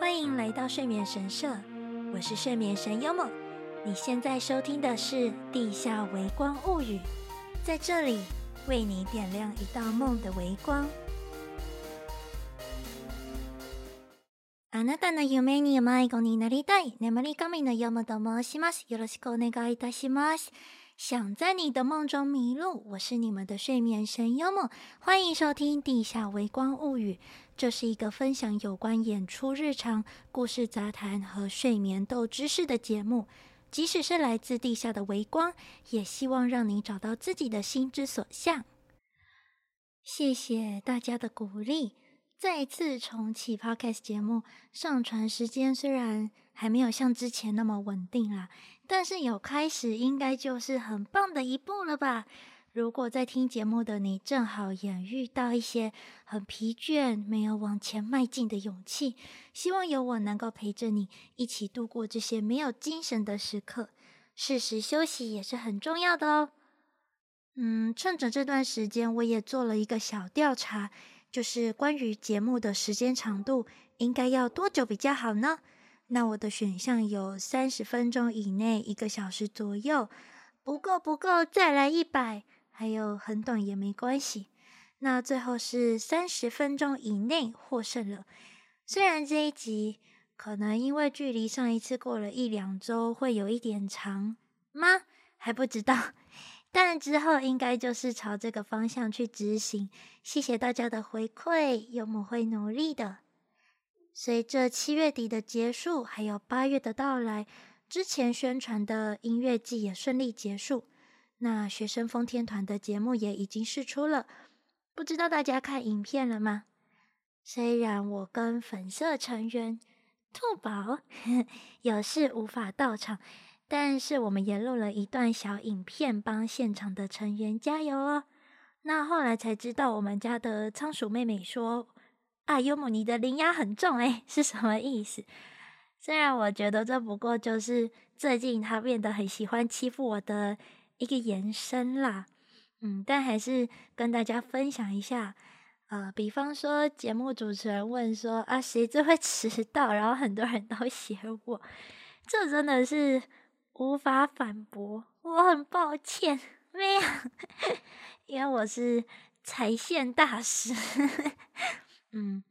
歡迎來到睡眠神社，我是睡眠神優夢。你現在收聽的是《地下微光物語》，在這裡為你點亮一道夢的微光。想在你的夢中迷路，我是你們的睡眠神優夢，歡迎收聽《地下微光物語》。這是一個分享有關演出日常、故事雜談，和睡眠都知識的節目。即使是來自地下的微光，也希望讓你找到自己的心之所向。謝謝大家的鼓勵，再次重啟 Podcast 節目。上傳時間雖然還沒有像之前那麼穩定啦、啊，但是有開始，應該就是很棒的一步了吧。如果在聽節目的你正好也遇到一些很疲倦、沒有往前邁進的勇氣，希望有我能夠陪着你一起度過這些沒有精神的時刻。適時休息也是很重要的哦。嗯，趁着這段時間，我也做了一個小調查，就是關於節目的時間長度應該要多久比較好呢？那我的選項有三十分鐘以內、一個小時左右，不夠，不夠，再來一百。還有很短也沒關係。那最後是三十分鐘以內獲勝了。雖然這一集可能因為距離上一次過了一兩週，會有一點長嗎？還不知道。但之後應該就是朝這個方向去執行。謝謝大家的回饋，有木會努力的。隨着七月底的結束，還有八月的到來，之前宣傳的音樂祭也順利結束。那學生瘋天團的節目也已經釋出了，不知道大家看影片了嗎？雖然我跟粉色成員兔寶有事無法到場，但是我們也錄了一段小影片幫現場的成員加油哦。那後來才知道，我們家的倉鼠妹妹說：“啊，尤木你的靈壓很重、欸，哎，是什麼意思？”雖然我覺得這不過就是最近她變得很喜歡欺負我的。一個延伸啦，嗯，但還是跟大家分享一下，呃，比方說節目主持人問說啊，誰最會遲到？然後很多人都寫我，這真的是無法反駁，我很抱歉，沒有，因為我是踩線大師，嗯。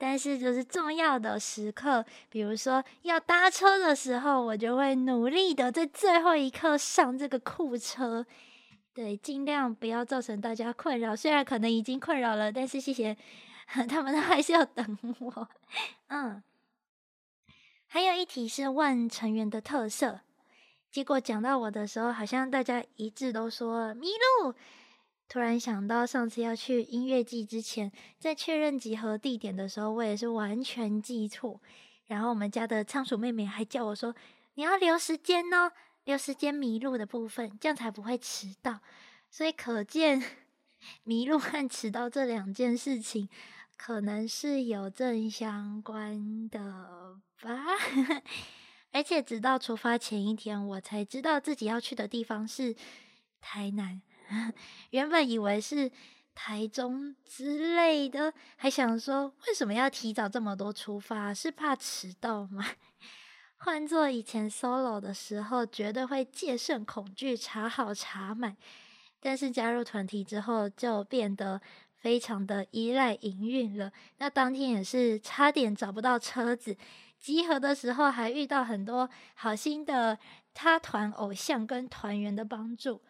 但是就是重要的時刻，比如說要搭車的時候，我就會努力的在最後一刻上這個庫車，對，盡量不要造成大家困擾。雖然可能已經困擾了，但是謝謝他們還是要等我。嗯，還有一題是問成員的特色，結果講到我的時候，好像大家一致都說迷路。突然想到，上次要去音樂祭之前，在確認集合地點的時候，我也是完全記錯。然後我們家的倉鼠妹妹還叫我說：“你要留時間哦，留時間迷路的部分，這樣才不會遲到。”所以可見，迷路和遲到這兩件事情，可能是有正相關的吧。 而且直到出發前一天，我才知道自己要去的地方是台南。原本以為是台中之類的，還想說為什麼要提早這麼多出發，是怕遲到嗎？換做以前 solo 的時候，絕對會戒慎恐懼，查好查滿。但是加入團體之後，就變得非常的依賴營運了。那當天也是差點找不到車子，集合的時候還遇到很多好心的他團偶像跟團員的幫助。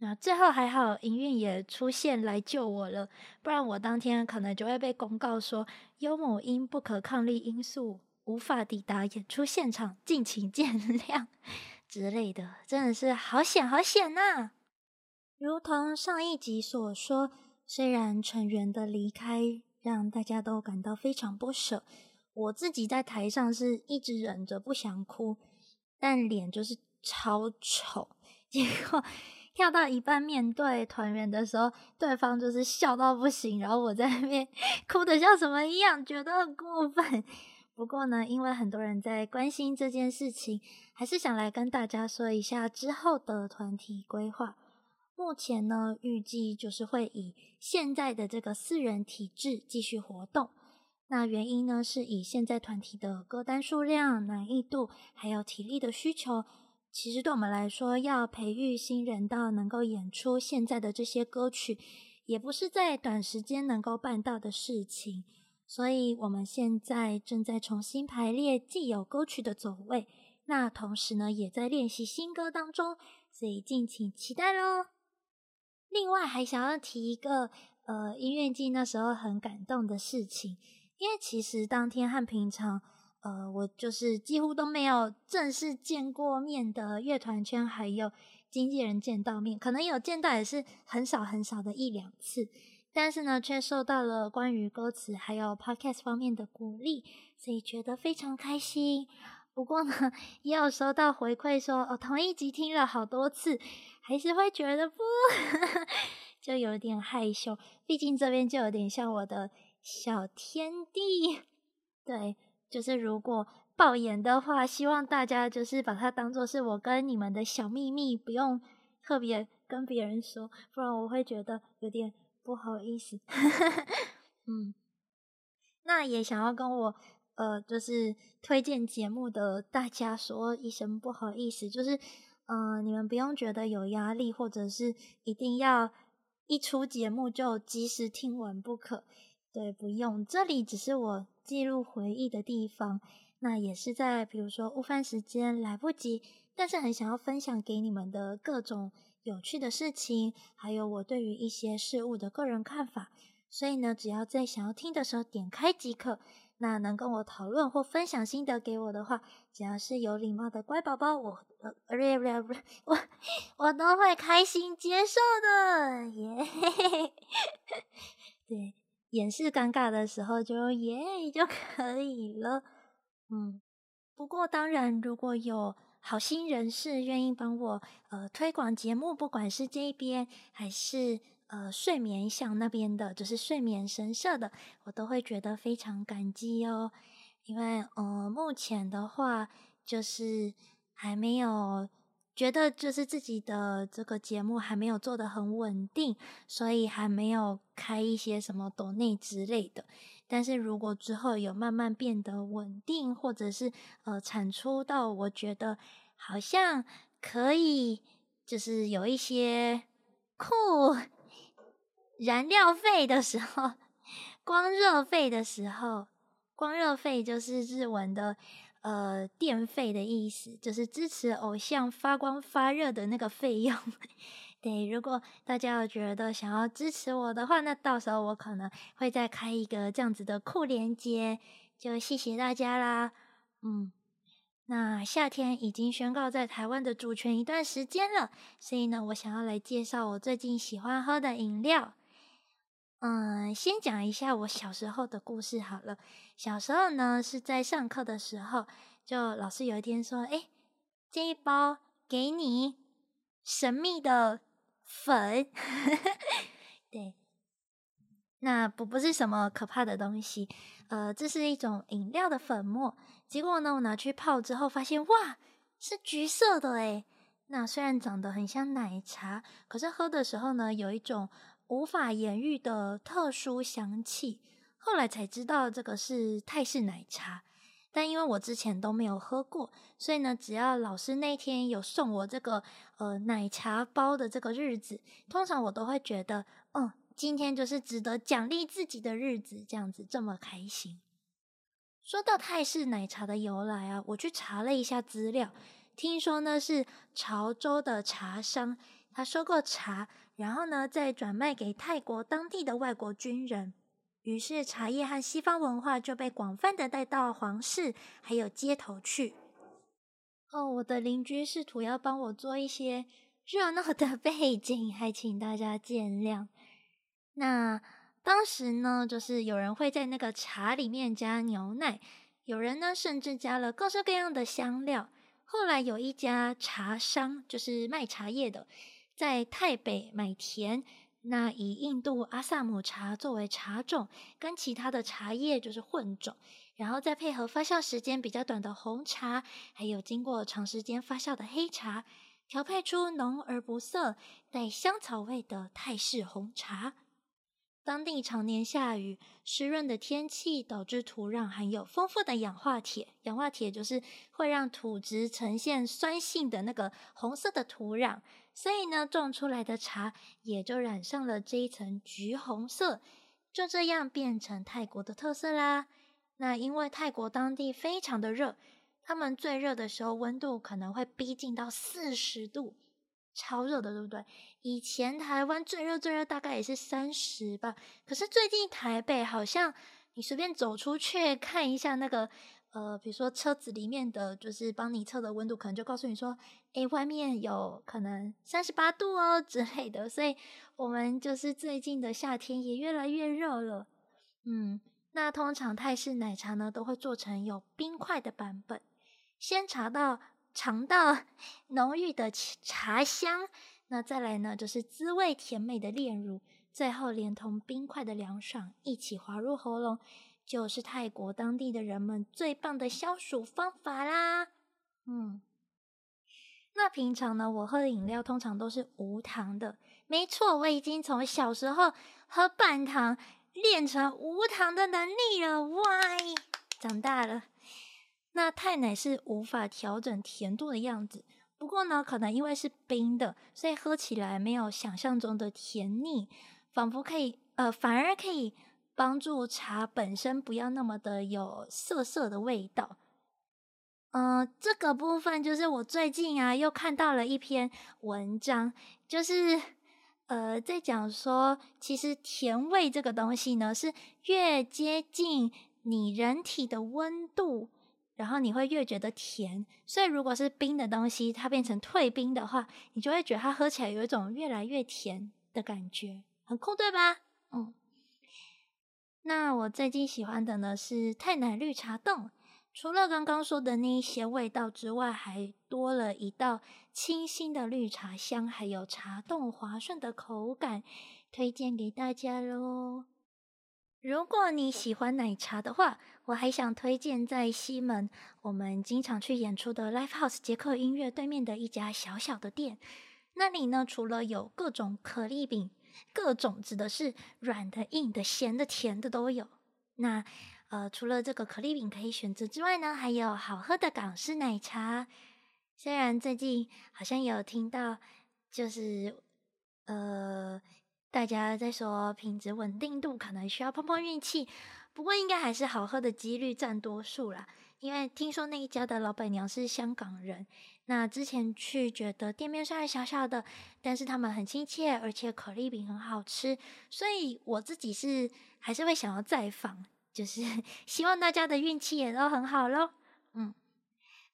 那最後還好，營運也出現來救我了，不然我當天可能就會被公告說，優某因不可抗力因素，無法抵達演出現場，敬請見諒之類的，真的是好險好險吶、啊！如同上一集所說，雖然成員的離開讓大家都感到非常不捨，我自己在台上是一直忍着不想哭，但臉就是超醜，結果，跳到一半，面對團員的時候，對方就是笑到不行，然後我在那邊哭得像什麼一樣，覺得很過分。不過呢，因為很多人在關心這件事情，還是想來跟大家說一下之後的團體規劃。目前呢，預計就是會以現在的這個四人體制繼續活動。那原因呢，是以現在團體的歌單數量、難易度還有體力的需求。其實對我們來說，要培育新人到能夠演出現在的這些歌曲，也不是在短時間能夠辦到的事情。所以，我們現在正在重新排列既有歌曲的走位，那同時呢，也在練習新歌當中，所以敬請期待嘍。另外，還想要提一個呃，音樂祭那時候很感動的事情，因為其實當天和平常。呃，我就是幾乎都沒有正式見過面的樂團圈，還有經紀人見到面，可能有見到也是很少很少的一兩次，但是呢，卻受到了關於歌詞還有 podcast 方面的鼓勵，所以覺得非常開心。不過呢，也有收到回饋說，哦，同一集聽了好多次，還是會覺得不， 就有點害羞，畢竟這邊就有點像我的小天地，對。就是如果抱怨的話，希望大家就是把它當做是我跟你們的小秘密，不用特別跟別人說，不然我會覺得有點不好意思。 嗯，那也想要跟我呃，就是推薦節目的大家說一聲不好意思，就是嗯、呃，你們不用覺得有壓力，或者是一定要一出節目就及時聽完不可。對，不用，這裡只是我。記錄回憶的地方，那也是在比如說午飯時間來不及，但是很想要分享給你們的各種有趣的事情，還有我對於一些事物的個人看法。所以呢，只要在想要聽的時候點開即可。那能跟我討論或分享心得給我的話，只要是有禮貌的乖寶寶，我我都會開心接受的耶。Yeah. 對。掩飾尷尬的時候就耶、yeah, 就可以了，嗯。不過當然，如果有好心人士願意幫我呃推廣節目，不管是這邊還是呃睡眠向那邊的，就是睡眠神社的，我都會覺得非常感激哦。因為呃目前的話就是還沒有。覺得就是自己的這個節目還沒有做得很穩定，所以還沒有開一些什麼抖內之類的。但是如果之後有慢慢變得穩定，或者是呃產出到我覺得好像可以，就是有一些酷燃料費的時候，光熱費的時候，光熱費就是日文的，呃，電費的意思就是支持偶像發光發熱的那個費用。 對，如果大家覺得想要支持我的話，那到時候我可能會再開一個這樣子的庫連接。就謝謝大家啦。嗯，那夏天已經宣告在台灣的主權一段時間了，所以呢，我想要來介紹我最近喜歡喝的飲料。嗯，先講一下我小時候的故事好了。小時候呢，是在上課的時候，就老師有一天說：“誒，這一包給你，神秘的粉。 ”對，那不不是什麼可怕的東西，呃，這是一種飲料的粉末。結果呢，我拿去泡之後，發現哇，是橘色的誒。那雖然長得很像奶茶，可是喝的時候呢，有一種，無法言喻的特殊香氣，後來才知道這個是泰式奶茶。但因為我之前都沒有喝過，所以呢，只要老師那天有送我這個呃奶茶包的這個日子，通常我都會覺得，嗯，今天就是值得獎勵自己的日子，這樣子這麼開心。說到泰式奶茶的由來啊，我去查了一下資料，聽說呢是潮州的茶商他收購茶。然後呢，再轉賣給泰國當地的外國軍人。於是茶葉和西方文化就被廣泛的帶到皇室，還有街頭去。哦，我的鄰居試圖要幫我做一些熱鬧的背景，還請大家見諒。那當時呢，就是有人會在那個茶裡面加牛奶，有人呢甚至加了各式各樣的香料。後來有一家茶商，就是賣茶葉的。在泰北買田，那以印度阿薩姆茶作為茶種，跟其他的茶葉就是混種，然後再配合發酵時間比較短的紅茶，還有經過長時間發酵的黑茶，調配出濃而不澀、帶香草味的泰式紅茶。當地常年下雨，濕潤的天氣導致土壤含有豐富的氧化鐵，氧化鐵就是會讓土質呈現酸性的那個紅色的土壤。所以呢，種出來的茶也就染上了這一層橘紅色，就這樣變成泰國的特色啦。那因為泰國當地非常的熱，他們最熱的時候溫度可能會逼近到四十度，超熱的，對不對？以前台灣最熱最熱大概也是三十吧，可是最近台北好像你隨便走出去看一下那個。呃，比如說車子裡面的就是幫你測的溫度，可能就告訴你說，哎，外面有可能三十八度哦之類的。所以，我們就是最近的夏天也越來越熱了。嗯，那通常泰式奶茶呢都會做成有冰塊的版本，先嘗到嘗到濃郁的茶香，那再來呢就是滋味甜美的煉乳，最後連同冰塊的涼爽一起滑入喉嚨。就是泰國當地的人們最棒的消暑方法啦。嗯，那平常呢，我喝的飲料通常都是無糖的。沒錯，我已經從小時候喝半糖練成無糖的能力了。哇！長大了，那泰奶是無法調整甜度的樣子。不過呢，可能因為是冰的，所以喝起來沒有想象中的甜膩，仿佛可以，呃，反而可以。幫助茶本身不要那麼的有澀澀的味道。嗯、呃，這個部分就是我最近啊又看到了一篇文章，就是呃在講說，其實甜味這個東西呢是越接近你人體的溫度，然後你會越覺得甜。所以如果是冰的東西，它變成退冰的話，你就會覺得它喝起來有一種越來越甜的感覺，很、嗯、酷，對吧？嗯。那我最近喜歡的呢是泰奶綠茶凍，除了剛剛說的那一些味道之外，還多了一道清新的綠茶香，還有茶凍滑順的口感，推薦給大家嘍。如果你喜歡奶茶的話，我還想推薦在西門我們經常去演出的 Livehouse 傑克音樂對面的一家小小的店，那裡呢除了有各種可麗餅。各種指的是軟的、硬的、鹹的、甜的都有。那呃，除了這個可麗餅可以選擇之外呢，還有好喝的港式奶茶。雖然最近好像有聽到，就是呃，大家在說品質穩定度可能需要碰碰運氣，不過應該還是好喝的幾率占多數啦。因為聽說那一家的老闆娘是香港人，那之前去覺得店面雖然小小的，但是他們很親切，而且可麗餅很好吃，所以我自己是還是會想要再訪，就是希望大家的運氣也都很好咯嗯，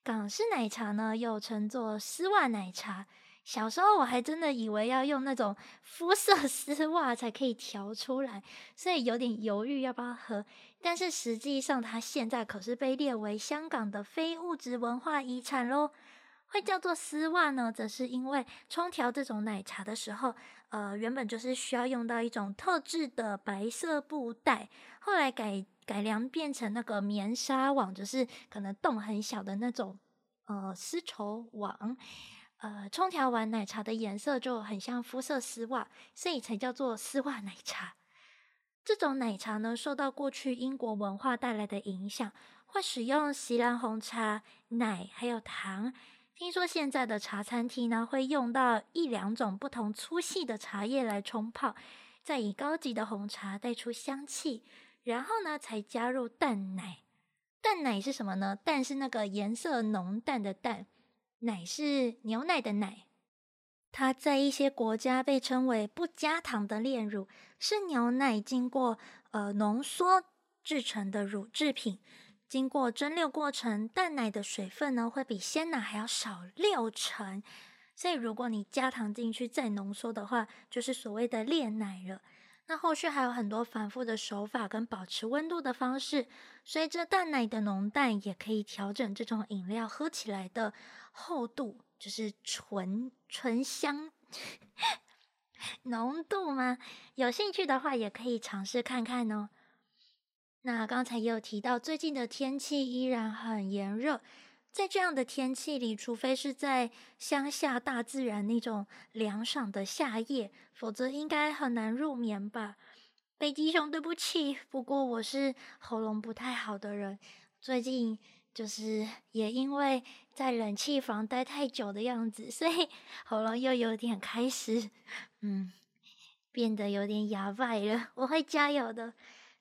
港式奶茶呢，又稱作絲襪奶茶。小時候我還真的以為要用那種膚色絲襪才可以調出來，所以有點猶豫要不要喝。但是實際上，它現在可是被列為香港的非物質文化遺產嘍。會叫做絲襪呢，則是因為沖調這種奶茶的時候，呃，原本就是需要用到一種特制的白色布袋，後來改改良變成那個棉紗網，就是可能洞很小的那種呃絲綢網。呃，沖調完奶茶的顏色就很像膚色絲襪，所以才叫做絲襪奶茶。這種奶茶呢，受到過去英國文化帶來的影響，會使用錫蘭紅茶、奶還有糖。聽說現在的茶餐廳呢，會用到一兩種不同粗細的茶葉來沖泡，再以高級的紅茶帶出香氣，然後呢才加入淡奶。淡奶是什麼呢？淡是那個顏色濃淡的淡。奶是牛奶的奶，它在一些國家被稱為不加糖的煉乳，是牛奶經過呃濃縮制成的乳製品。經過蒸餾過程，淡奶的水分呢會比鮮奶還要少六成，所以如果你加糖進去再濃縮的話，就是所謂的煉奶了。那後續還有很多反覆的手法跟保持溫度的方式，隨着淡奶的濃淡，也可以調整這種飲料喝起來的厚度，就是醇醇香 濃度嗎？有興趣的話，也可以嘗試看看哦。那剛才也有提到，最近的天氣依然很炎熱。在這樣的天氣裡，除非是在鄉下大自然那種涼爽的夏夜，否則應該很難入眠吧。北極熊，對不起，不過我是喉嚨不太好的人，最近就是也因為在冷氣房待太久的樣子，所以喉嚨又有點開始，嗯，變得有點啞巴了。我會加油的。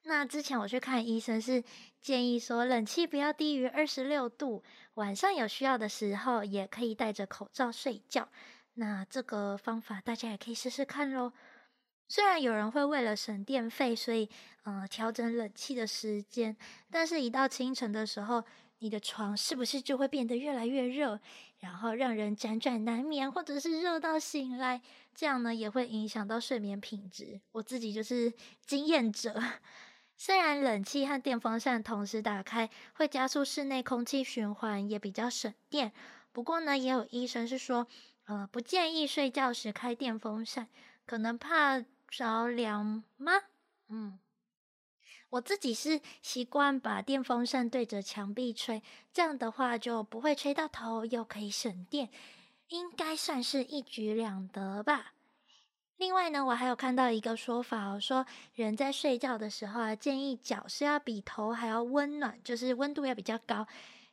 那之前我去看醫生是建議說，冷氣不要低於二十六度，晚上有需要的時候也可以戴着口罩睡覺。那這個方法大家也可以試試看嘍。雖然有人會為了省電費，所以呃調整冷氣的時間，但是一到清晨的時候，你的床是不是就會變得越來越熱，然後讓人輾轉難眠，或者是熱到醒來，這樣呢也會影響到睡眠品質。我自己就是經驗者。雖然冷氣和電風扇同時打開，會加速室內空氣循環，也比較省電。不過呢，也有醫生是說，呃，不建議睡覺時開電風扇，可能怕着涼嗎？嗯，我自己是習慣把電風扇對着牆壁吹，這樣的話就不會吹到頭，又可以省電，應該算是一舉兩得吧。另外呢，我還有看到一個說法哦，說人在睡覺的時候啊，建議腳是要比頭還要溫暖，就是溫度要比較高，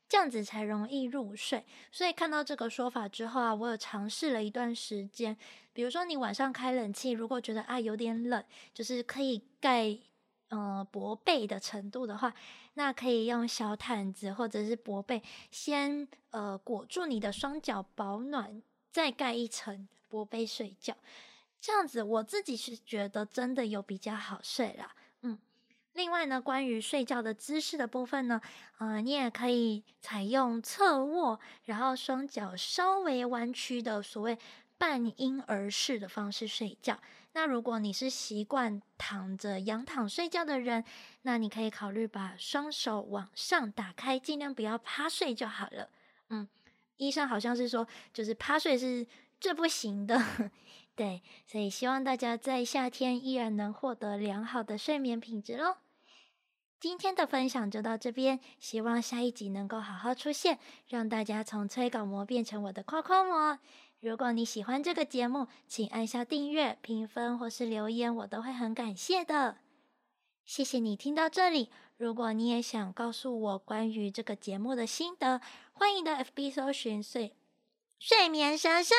這樣子才容易入睡。所以看到這個說法之後啊，我有嘗試了一段時間。比如說你晚上開冷氣，如果覺得啊有點冷，就是可以蓋呃薄被的程度的話，那可以用小毯子，或者是薄被先呃裹住你的雙腳保暖，再蓋一層薄被睡覺。這樣子，我自己是覺得真的有比較好睡啦。嗯，另外呢，關於睡覺的姿勢的部分呢，呃，你也可以採用側臥，然後雙腳稍微彎曲的所謂半嬰兒式的方式睡覺。那如果你是習慣躺着仰躺睡覺的人，那你可以考慮把雙手往上打開，盡量不要趴睡就好了。嗯，醫生好像是說，就是趴睡是最不行的。對，所以希望大家在夏天依然能獲得良好的睡眠品質嘍。今天的分享就到這邊，希望下一集能夠好好出現，讓大家從催稿魔變成我的誇誇魔。如果你喜歡這個節目，請按下訂閱、評分或是留言，我都會很感謝的。謝謝你聽到這裡，如果你也想告訴我關於這個節目的心得，歡迎到 FB 搜尋睡睡眠神社。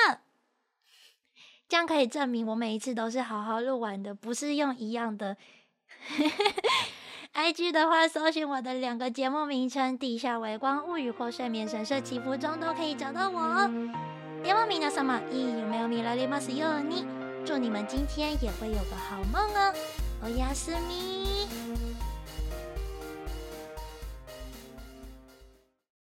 這樣可以證明我每一次都是好好錄完的，不是用一樣的。 IG 的話，搜尋我的兩個節目名稱《地下微光物語》或《睡眠神社祈福鐘》，都可以找到我。では皆様，咦，良い夢を見られますように。祝你們今天也會有個好夢哦，おやすみ。